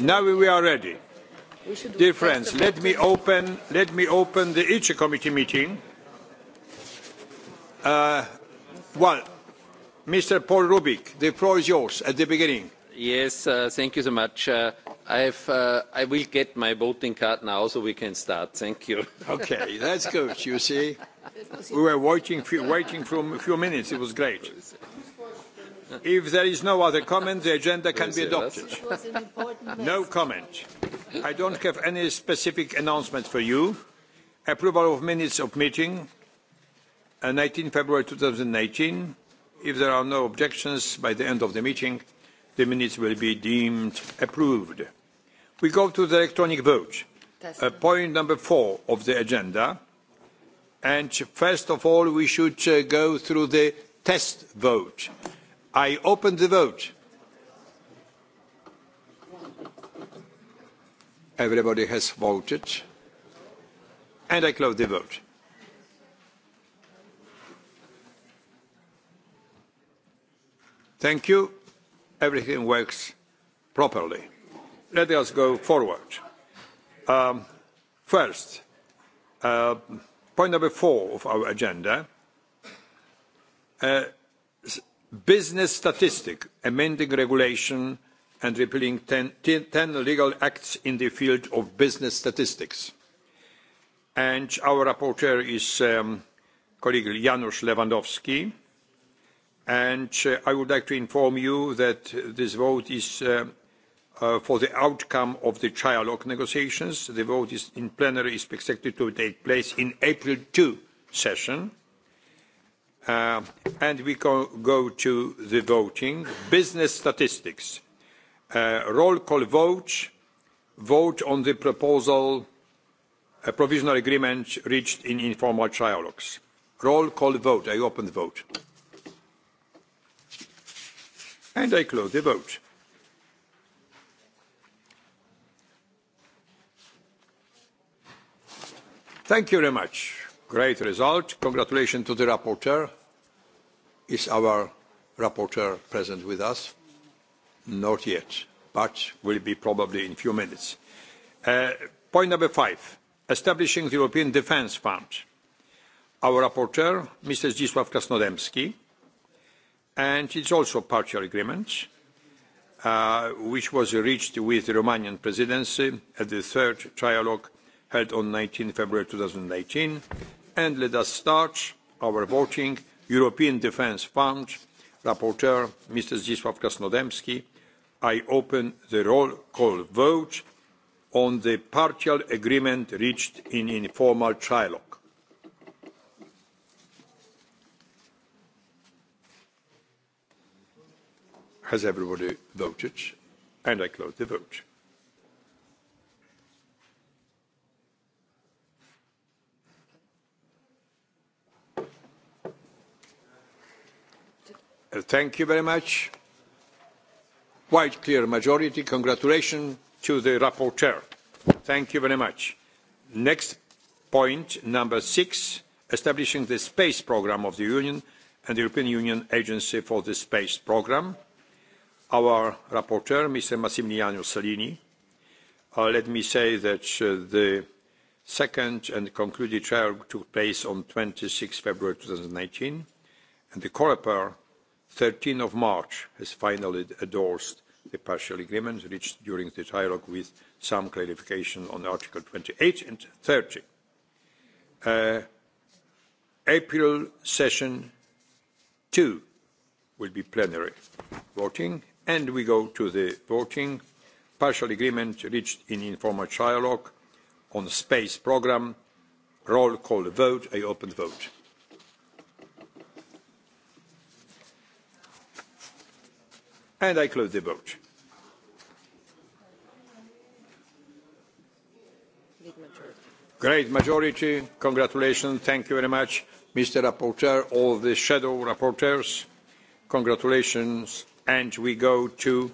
Now we are ready. Dear friends, let me open, let me open the ICE committee meeting. Uh, well, Mr. Paul Rubik, the floor is yours at the beginning. Yes, uh, thank you so much. Uh, I, have, uh, I will get my voting card now so we can start. Thank you. okay, that's good. You see, we were waiting, waiting for a few minutes. It was great. If there is no other comment, the agenda can be adopted. No comment. I don't have any specific announcement for you. Approval of minutes of meeting, 19 uh, February 2018. If there are no objections by the end of the meeting, the minutes will be deemed approved. We go to the electronic vote. Uh, point number four of the agenda. And first of all, we should uh, go through the test vote. I open the vote. Everybody has voted. And I close the vote. Thank you. Everything works properly. Let us go forward. Um, first, uh, point number four of our agenda. Uh, business statistics, amending regulation and repealing ten, legal acts in the field of business statistics and our rapporteur is um, colleague janusz lewandowski and uh, i would like to inform you that this vote is uh, uh, for the outcome of the trialogue negotiations the vote is in plenary is expected to take place in april 2 session Uh, and we go, to the voting. Business statistics. Uh, roll call vote. Vote on the proposal, a provisional agreement reached in informal trialogues. Roll call vote. I open the vote. And I close the vote. Thank you very much. Great result. Congratulations to the rapporteur. Is our rapporteur present with us? Not yet, but will be probably in a few minutes. Uh, point number five, establishing the European Defence Fund. Our rapporteur, Mr. Zdzisław Krasnodębski, and it's also a partial agreement, uh, which was reached with the Romanian presidency at the third trialogue held on 19 February 2018 And let us start our voting European Defence Fund. Rapporteur, Mr. Zdzisław Krasnodębski. I open the roll call vote on the partial agreement reached in informal trilogue. Has everybody voted? And I close the vote. Thank you very much. Quite clear majority. Congratulations to the rapporteur. Thank you very much. Next point, number six, establishing the space program of the Union and the European Union Agency for the Space Program. Our rapporteur, Mr. Massimiliano Salini. Uh, let me say that uh, the second and concluded trial took place on 26 February 2019, and the COREPER 13 of March has finally endorsed the partial agreement reached during the dialogue with some clarification on Article 28 and 30. Uh, April session 2 will be plenary voting and we go to the voting. Partial agreement reached in informal dialogue on space programme. Roll call vote. I open the vote. and i close the vote. great majority congratulations thank you very much mr rapporteur all the shadow rapporteurs congratulations and we go to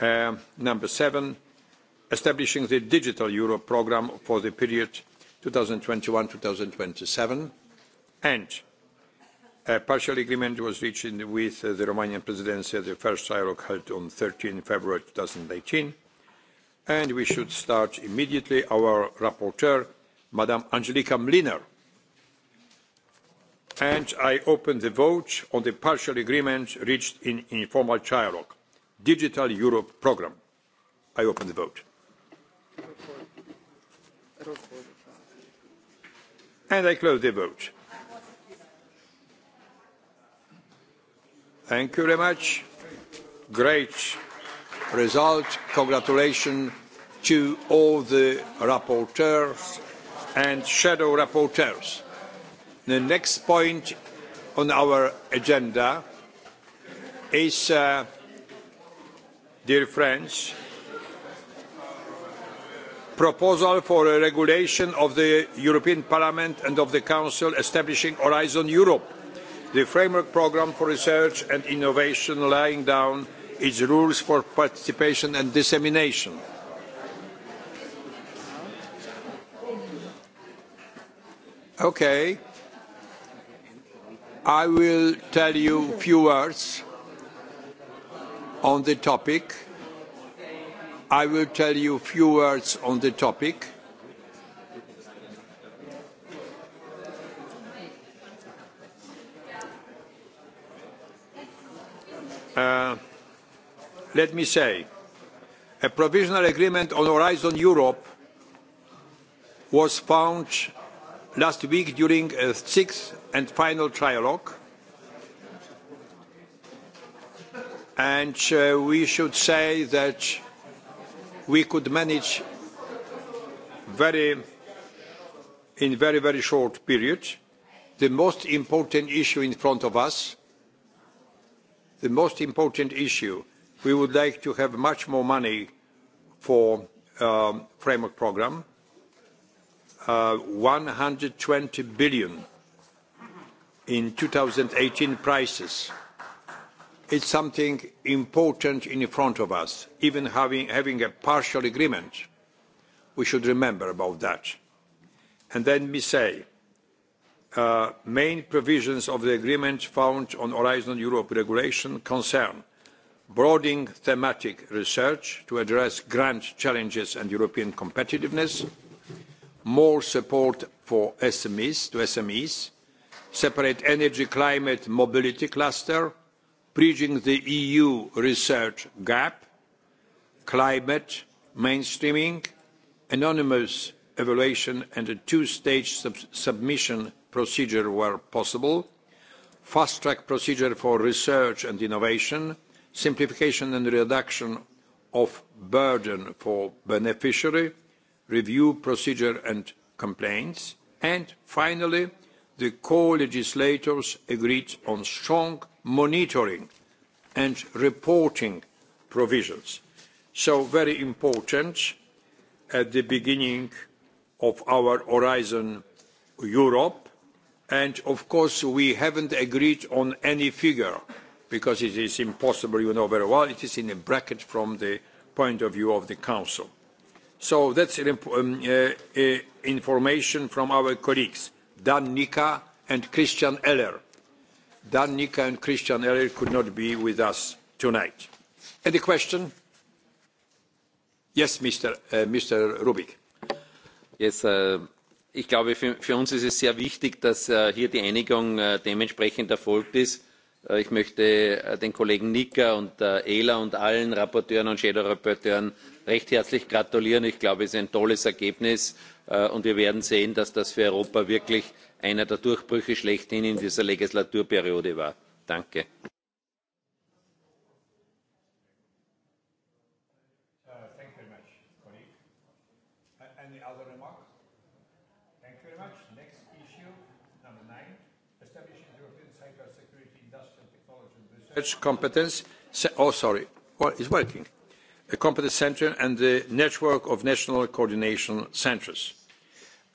um, number seven establishing the digital europe programme for the period 2021-2027. and a uh, partial agreement was reached with uh, the Romanian presidency at the first dialogue held on 13 February 2018, and we should start immediately. Our rapporteur, Madam Angelika Mliner, and I open the vote on the partial agreement reached in informal dialogue, Digital Europe Programme. I open the vote. And I close the vote. Thank you very much. Great result. Congratulations to all the rapporteurs and shadow rapporteurs. The next point on our agenda is, uh, dear friends, proposal for a regulation of the European Parliament and of the Council establishing Horizon Europe the framework programme for research and innovation laying down its rules for participation and dissemination. Okay. I will tell you a few words on the topic. I will tell you a few words on the topic Uh, let me say, a provisional agreement on Horizon Europe was found last week during a sixth and final trilogue. And uh, we should say that we could manage very, in very, very short period the most important issue in front of us, the most important issue. We would like to have much more money for um, framework program, uh, 120 billion in 2018 prices. It's something important in front of us, even having, having a partial agreement. We should remember about that. And then we say, Uh, main provisions of the agreement found on Horizon Europe regulation concern broadening thematic research to address grand challenges and European competitiveness, more support for SMEs to SMEs, separate energy, climate, mobility cluster, bridging the EU research gap, climate mainstreaming, anonymous evaluation and a two-stage submission procedure where possible, fast track procedure for research and innovation, simplification and reduction of burden for beneficiary, review procedure and complaints, and finally, the co-legislators agreed on strong monitoring and reporting provisions. So very important at the beginning of our Horizon Europe and of course we haven't agreed on any figure because it is impossible you know very well it is in a bracket from the point of view of the council so that's um, uh, uh, information from our colleagues dan nika and christian eller dan nika and christian eller could not be with us tonight any question yes mr uh, mr rubik yes ich glaube für, uns ist es sehr wichtig dass äh, hier die einigung äh, dementsprechend erfolgt ist. Äh, ich möchte den kollegen nica und ELA und allen Rapporteuren und schattenberichterstattern recht herzlich gratulieren. ich glaube es ist ein tolles ergebnis und wir werden sehen dass das für europa wirklich einer der durchbrüche schlechthin in dieser legislaturperiode war. danke! research competence, oh sorry, well, it's working, a competence center and the network of national coordination centres.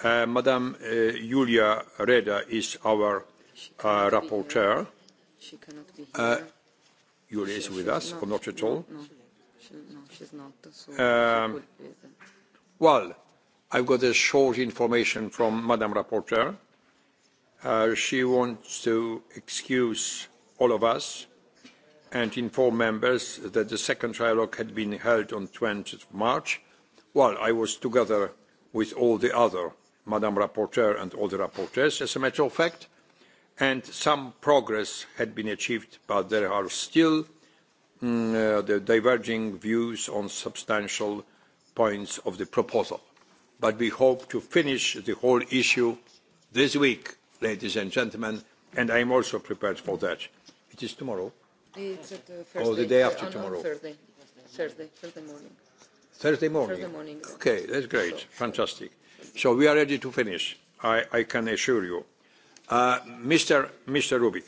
Uh, Madam uh, Julia Reda is our uh, rapporteur. Julia is with us, or not at all? Um, well, I've got a short information from Madam Rapporteur. she wants to excuse all of us and inform members that the second trilogue had been held on 20 March, while I was together with all the other Madam Rapporteur and all the rapporteurs, as a matter of fact, and some progress had been achieved, but there are still mm, uh, the diverging views on substantial points of the proposal. But we hope to finish the whole issue this week, ladies and gentlemen, and I am also prepared for that. It is tomorrow. It's at Thursday. Uh, oh, the day after uh, tomorrow. Thursday. Thursday. Thursday morning. Thursday morning. Thursday morning. Okay, that's great. So, Fantastic. So we are ready to finish. I, I can assure you. Uh, Mr. Mr. Rubik.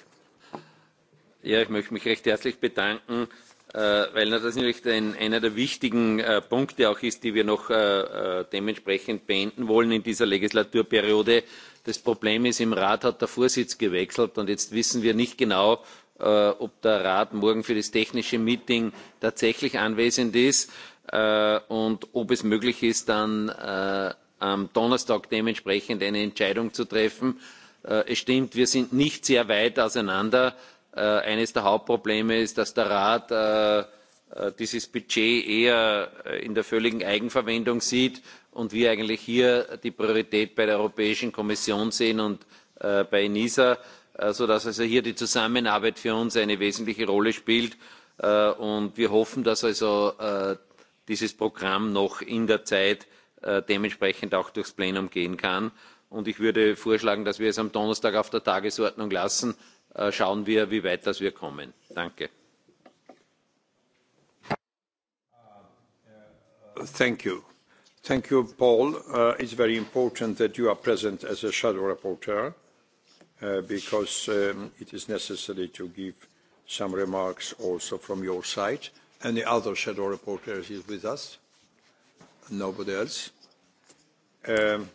Ja, ich möchte mich recht herzlich bedanken, äh, weil das natürlich ein, einer der wichtigen äh, Punkte auch ist, die wir noch äh, äh, dementsprechend beenden wollen in dieser Legislaturperiode. Das Problem ist, im Rat hat der Vorsitz gewechselt und jetzt wissen wir nicht genau, Äh, ob der Rat morgen für das technische Meeting tatsächlich anwesend ist äh, und ob es möglich ist, dann äh, am Donnerstag dementsprechend eine Entscheidung zu treffen. Es stimmt, wir sind nicht sehr weit auseinander. Eines der Hauptprobleme ist, dass der Rat dieses Budget eher in der völligen Eigenverwendung sieht und wir eigentlich hier die Priorität bei der Europäischen Kommission sehen und bei ENISA. Äh, sodass also hier die Zusammenarbeit für uns eine wesentliche Rolle spielt. Äh, und wir hoffen, dass also äh, dieses Programm noch in der Zeit dementsprechend auch durchs Plenum gehen kann. ich würde vorschlagen, dass wir es am Donnerstag auf der Tagesordnung lassen. Schauen wir, wie weit wir kommen. Danke. Thank you. Thank you, Paul. Uh, it's very important that you are present as a shadow Uh, because um, it is necessary to give some remarks also from your side. Any other shadow reporters is with us? Nobody else? Um,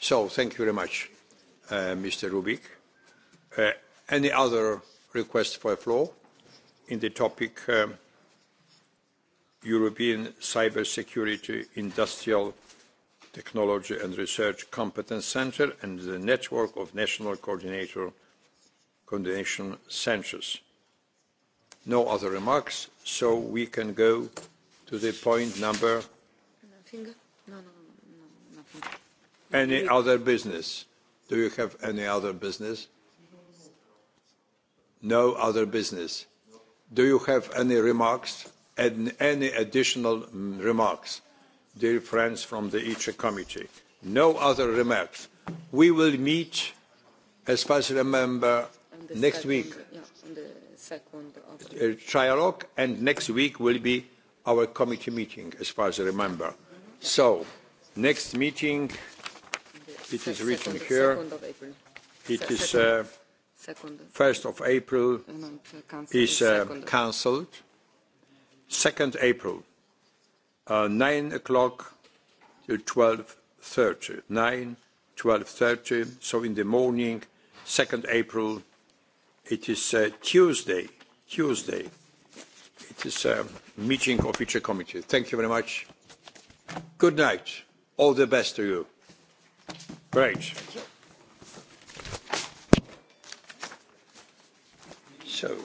so thank you very much, uh, Mr. Rubik. Uh, any other request for a floor in the topic um, European cybersecurity industrial Technology and Research Competence Center and the network of national coordinator coordination centers. No other remarks, so we can go to the point number. Any other business? Do you have any other business? No other business. Do you have any remarks any additional remarks? dear friends from the ITRE committee. No other remarks. We will meet, as far as I remember, next week. the second uh, trialogue, and next week will be our committee meeting, as far as I remember. So, next meeting, it is written second, here. Second of April. It is uh, first of April uh, is uh, cancelled. Second April uh, o'clock to 12.30. 9, 12.30, so in the morning, 2nd April, it is uh, Tuesday, Tuesday. It is a meeting of each committee. Thank you very much. Good night. All the best to you. Great. So.